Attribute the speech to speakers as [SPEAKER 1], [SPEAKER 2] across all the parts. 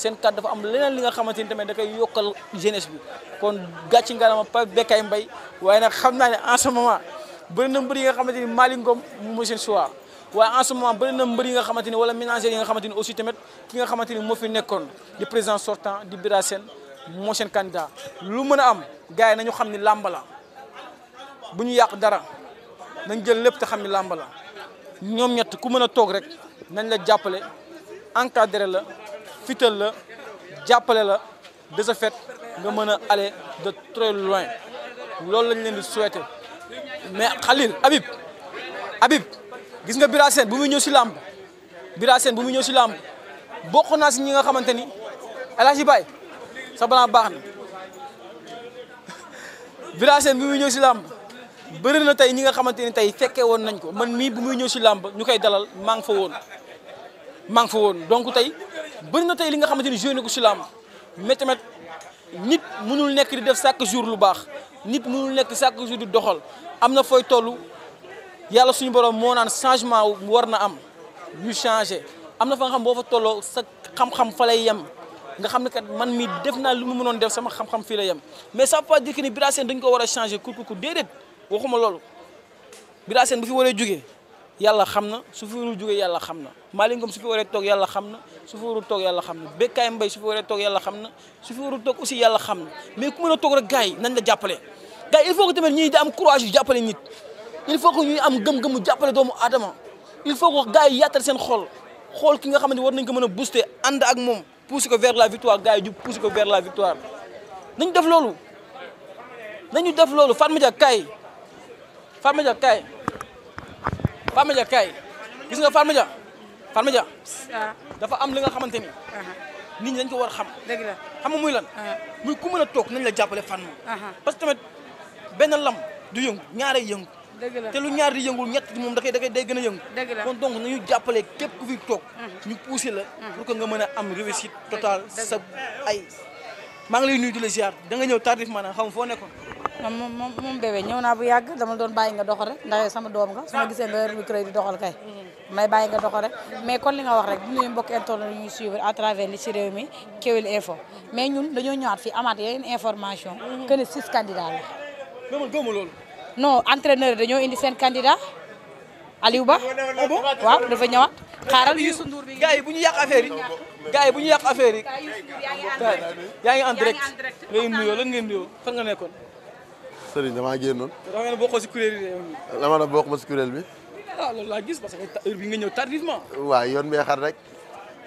[SPEAKER 1] seen kàddu dafa am leneen li nga xamante ni tamit da koy yokkal jeunesse bi kon gàcci ngalama pa Bécaye mbay waaye na xam naa ne en ce moment mbër yi nga xamante ni Malick Ngom mooy seen choix waaye en ce moment bëri mbër yi nga xamante ni wala ménagère yi nga xamante ni aussi tamit ki nga xamante ni moo fi nekkoon di président sortant di Bira Sène moo seen candidat lu mën a am gars yi nañu xam ni làmb bu ñu yàq dara nañ jël lépp te xam ni làmb ñoom ñett ku mën a toog rek nañ la jàppale encadré la fital la jàppale la de ce nga mën a ale de très loin loolu lañ leen di souhaiter mais Khalil Habib Habib gis nga Bira bu muy ñëw si làmb Bira bu muy ñëw si làmb bokk naa si ñi nga xamante ni El Hadj Baye sa balaa baax na Bira Sène bu muy ñëw si làmb bëri na tey ñi nga xamante ni tey fekkee woon nañ ko man mii bu muy ñëw si làmb ñu koy dalal maa ngi fa woon maa fa woon bëri na tey li nga xamante ni joué na ko si làmb mais tamit nit mënul nekk di def chaque jour lu baax nit mënul nekk chaque jour di doxal am na fooy toll yàlla suñu borom moo naan changement war na am ñu changé am na fa nga xam boo fa tolloo sa xam-xam fa lay yem nga xam ne kat man mi def naa lu mu mënoon def sama xam-xam fii lay yem mais sa veut pas dire que ni Bira Sène dañ ko war a changé ku ku ku déedéet waxuma loolu Bira bu fi waree jógee yàlla xam na su fi warul yàlla xam na Malick Ngom su fi waree toog yàlla xam na su fi warul toog yàlla xam na Bécaye Mbaye su fi waree toog yàlla xam na su fi warul toog aussi yàlla xam na mais ku mën a toog rek gars yi nañ la jàppale gars yi il faut que tamit ñuy am courage jàppale nit il faut que ñuy am gëm-gëmu jàppale doomu aadama il faut que gars yi yaatal seen xol xool ki nga xam ne war nañ ko mën a booster ànd ak moom pousser ko vers la victoire gars yi ju pousser ko vers la victoire nañu def loolu nañu def loolu Fatma Dia kaay Fatma Dia kaay Fatma Dia kaay gis nga Fatma Dia Fatma Dia ah. dafa am li nga xamante ni ah. nit ñi dañ ko war a xam dëgg la xam nga muy lan ah. muy ku mën a toog nañ la jàppale Fatma parce que tamit benn lam du yëngu ñaaree yëngu te lu ñaar di ñett moom da koy da koy day gën a yëngu kon donc nañu jàppale képp ku fi toog ñu poussé la pour que nga mën a am réussite totale sa ay maa ngi lay nuyu di la ziar da nga ñëw tardif maanaam xam foo nekkoon moom moom moom bébé ñëw naa bu yàgg dama doon bàyyi nga doxal rek ndax sama doom nga su gisee nga yor yi di doxal kay may bàyyi nga doxal rek mais kon li nga wax rek dinuy mbokk internet yi ñuy suivre mais ñun dañoo ñëwaat fii amaat yeneen information que ne six candidats la dañoo indi seen candidat Aliou Ba ah waaw dafa ñëwaat xaaral Youssou Ndour bi gars yi bu ñuy yàq affaire yi gars yi bu ñu yàq affaire yi yaa ngi en direct ngay nuyoo lan ngeen nuyoo fan nga
[SPEAKER 2] sëriñ damaa génnoon. te da nga ne bokkoo si kuréel bi. la ma ne bokk ma si kuréel bi. ah loolu laa gis parce que heure bi nga ñëw tardivement. waaw yoon bee xat rek.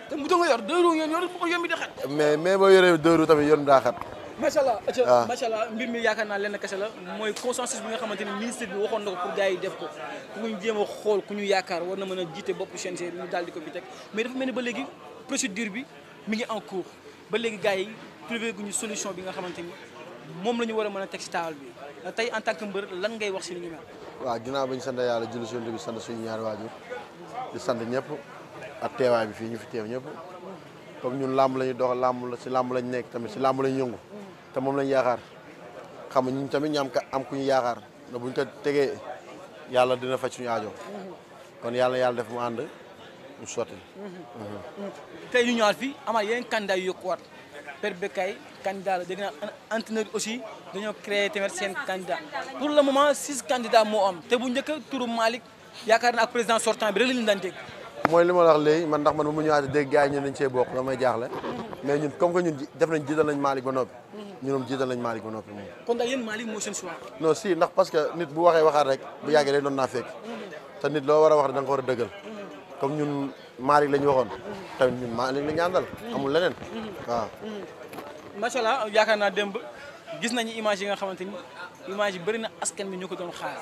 [SPEAKER 1] te mu nga yor deux roues ngeen yor bu ko yoon bi di xat.
[SPEAKER 2] mais mais boo yoree deux roues tamit daa xat.
[SPEAKER 1] macha allah waaw ah. macha allah mbir mi yaakaar naa lenn kese la mooy consensus bi nga xamante ni ministre bi waxoon na ko pour gars yi def ko ku ñu jéem xool ku ñu yaakaar war na mën a jiite bopp CNG ñu daal di ko fi teg mais dafa mel ni ba léegi procédure bi mi ngi en ba léegi gars yi trouvé guñu solution bi nga xamante ni moom la war a mën a teg si taabal bi tey en tant que mbër lan wax si li ñu mel.
[SPEAKER 2] waaw ginnaaw bi ñu sant yàlla julli si bi sant suñu ñaari waajur di sant ñëpp ak teewaay bi fii ñu fi teew ñëpp comme ñun làmb la ñuy làmb la si làmb lañ nekk tamit si làmb lañ yëngu te moom lañ yaakaar xam nga tamit ñaam ka am ku ñu yaakaar ne buñ ko tegee yàlla dina faj suñu ajo kon yàlla yàlla def mu ànd mu sotti.
[SPEAKER 1] tey ñu ñëwaat fii amaat yeneen candidat yu yokkuwaat. per Bécaye candidat la dégg naa entraîneur aussi dañoo créé tamit seen candidat pour le moment six candidats moo am te bu njëkk turu Malick yaakaar ak
[SPEAKER 2] président sortant bi rek la ñu daan dégg. mooy li ma la wax bu mu ñëwaatee dégg gars yi ñun dañu cee bokk damay jaaxle mais ñun comme que ñun def nañ jiital nañ Malick ba noppi. ñun moom jiital nañ Malick ba noppi moom.
[SPEAKER 1] kon daal yéen Malick moo seen choix.
[SPEAKER 2] non si ndax parce que nit bu waxee waxaat rek bu yàggee day doon naa fekk te nit loo war a wax da nga ko war a dëggal comme ñun Malick la ñu waxoon tamit ñun Malick la ñu àndal amul leneen waaw.
[SPEAKER 1] macha allah yaakaar naa démb gis nañu image yi nga xamante ni image yi bëri na askan bi ñu ko doon xaar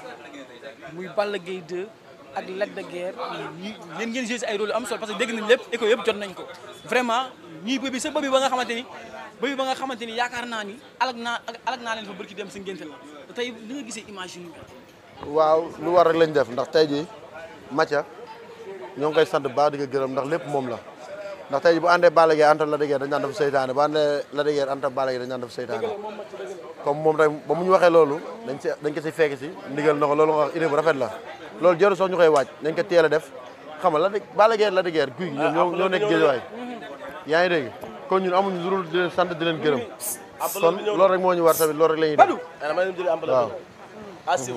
[SPEAKER 1] muy Balla Gaye 2 ak Lac de Guiers ñi yéen ngeen joué si ay rôle am solo parce que dégg nañ lépp écho yëpp jot nañ ko vraiment ñuy bëbi sa bëbi ba nga xamante ni bëbi ba nga xamante ni yaakaar naa ni alag naa alag naa leen fa bërki dem si ngénte la tey li nga gisee image yi
[SPEAKER 2] waaw lu war rek lañ def ndax tey ji Mathia ñoo ngi koy sant baax di ko gërëm ndax lépp moom la ndax tey bu àndee Balla Gaye Anta Lac de Guiers dañu daan def seytaane bu àndee Lac de Guiers Anta Balla Gaye dañu daan seytaane comme moom tey ba mu ñu waxee loolu dañ si dañ ko si fekk si ndigal na ko loolu nga wax bu rafet la loolu jarul sax ñu koy waaj dañ ko teel def xam nga la de Balla Gaye Lac de Guiers guy gi ñoom ñoo nekk géej waay yaa ngi dégg kon ñun amuñu lu dul di leen sant di leen gërëm kon loolu rek moo ñu war tamit loolu rek la
[SPEAKER 1] ñuy
[SPEAKER 2] def waaw asib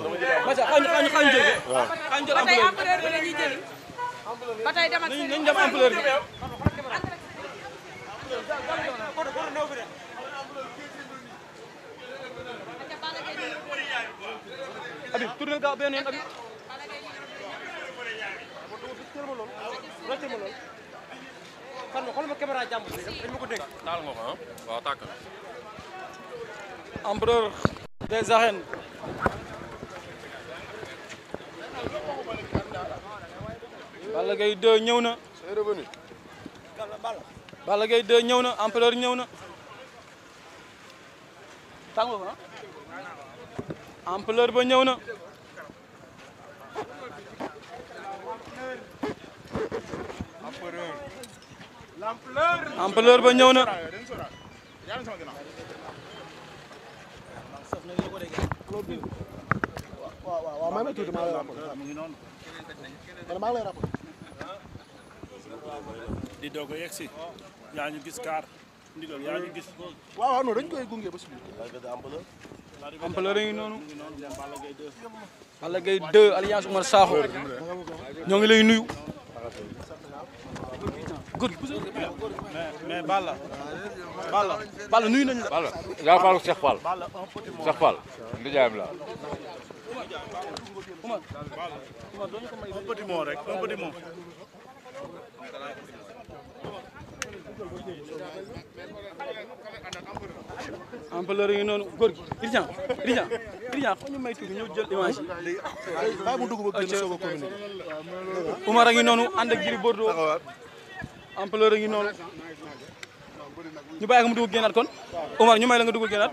[SPEAKER 1] ah, dama ma la ñuy abi tournel ga benn yoon abi teel ma lool lool teel ma lool fan ma xool ma caméra jàmm bi dañ ma ko dégg taal nga ko ah? waaw tàkk empereur des arènes Balla Gaye 2 ñëw na c'est revenu Balla Gaye 2 ñëw na Empereur ñëw na tàngo ko Empereur ba ñëw na Empereur
[SPEAKER 2] ba ñëw na waaw di doog a yegsi yaa ñu gis kaar ndigal yaa ñu gis waaw waaw non dañ koy gunge ba subi ampleur yi noonu Balla Gaye 2 alliance Oumar Sakho ñoo ngi lay
[SPEAKER 1] nuyu góor mais Balla Balla Balla nuyu nañu la Balla yaa Balla Cheikh Fall Cheikh Fall ndijaayam la un um petit mot rek un petit mot ampleur yi noonu góor gi urgent urgent urgent xoo ñu may tuuti ñëw jël image yi. mu dugg ba gën a soog a Umar a noonu ànd ak Gris Bordeaux. ampleur a noonu. ñu bàyyi ko mu dugg génnaat kon Umar ñu may la nga dugg génnaat.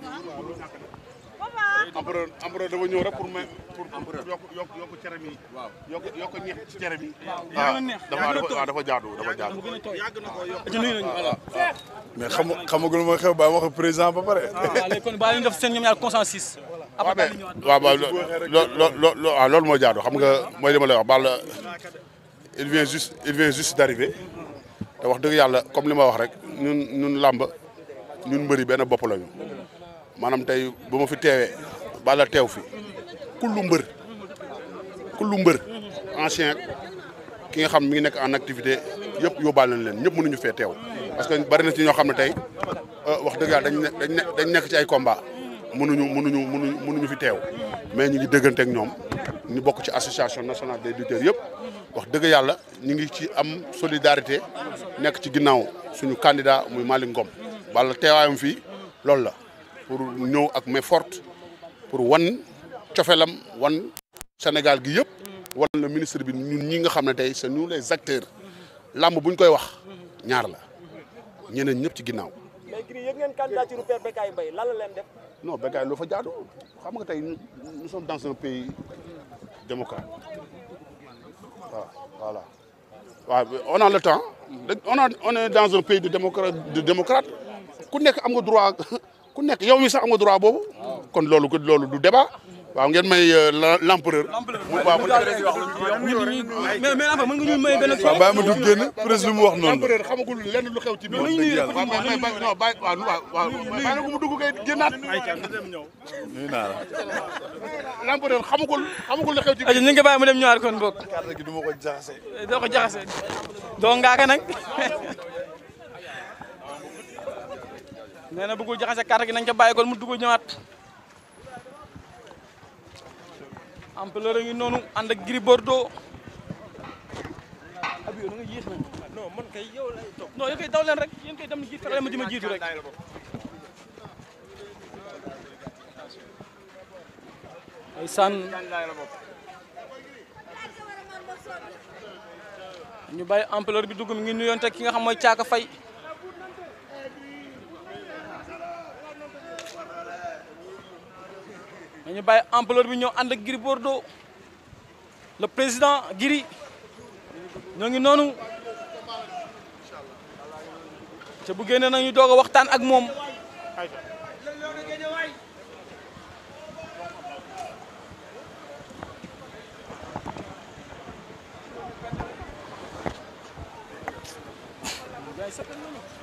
[SPEAKER 3] empereur empereur dafa ñëw rek pour ma pour yokk yokk cere mi. waaw yokk yokk ñeex ci cere mi. yaa ngi neex yaa ngi dafa
[SPEAKER 1] dafa jaadu dafa jaadu. yàgg
[SPEAKER 3] na ma xew ba waxu président ba pare. Ah,
[SPEAKER 1] waaw léegi kon baa leen def seen ñoom ñaar consensus. après ah,
[SPEAKER 3] waaw waaw loo loo loolu moo jaadu xam nga mooy li ma lay wax Balla il juste il juste d'arriver te wax dëgg yàlla comme li ma wax rek ñun ñun làmb ñun mbëri benn bopp lañu tey bu ma fi teewee. Balla teew fi kullu mbër kullu mbër ancien ki nga xam mi ngi nekk en activité yëpp yóbbaale nañ leen ñëpp mënuñu fee teew parce que bari na ci ñoo xam ne tey euh, wax dëgg yàlla dañ dañ nekk ci ay combat mënuñu mënuñu mënuñu mënuñu fi teew mais ñu ngi dëggante ak ñoom ñu bokk ci association nationale des lutteurs yëpp wax dëgg yàlla ñu ngi ci am solidarité nekk ci ginnaaw suñu candidat muy Malick Ngom Balla teewaayam fii loolu pour ñëw ak main forte pour wan cofelam wan Sénégal gi yëpp wan la ministre bi ñu ñi nga xam ne tey se nous les acteurs làmb buñ koy wax ñaar la ñeneen ñëpp ci ginnaaw.
[SPEAKER 1] mais Gris yëg la leen def.
[SPEAKER 3] non Bécaye loo fa jaadu xam nga tey nous sommes dans un pays démocrate waaw voilà waaw on on a on est dans un ku nekk am nga droit ku nekk yow mi sax am nga droit boobu. kon loolu ko loolu du débat waaw ngeen may euh, l'empereur. waaw
[SPEAKER 1] mu dugg génn presse lu mu wax noonu. l'empereur xamagul lenn lu xew ci biir. waaw mais
[SPEAKER 3] mais non bàyyi waaw waaw bàyyi na ko mu dugg kay génnaat. nuyu naa la. l'empereur xamagul xamagul lu xew ci biir. ñu ngi
[SPEAKER 1] ko bàyyi mu dem ñëwaat kon boog. carte gi du ma ko jaxase. doo ko jaxase doo ngaaka nag. nee na bëggul jaxase carte gi nañ ko bàyyi kon mu dugg ñëwaat. ampleur a ngi noonu ànd ak Gris Bordeaux. Abi kay yow rek yéen kay dem ji fexe leen ma jëm a jiitu rek. ay sànn ñu bàyyi ampleur bi dugg mi ngi nuyoon teg ki nga xam mooy caaka fay. dañu bàyyi ampleur bi ñoo ànd ak Gris Bordeaux le président Gris ñoo ngi noonu ca bu génnee nag doog waxtaan ak moom. Guys,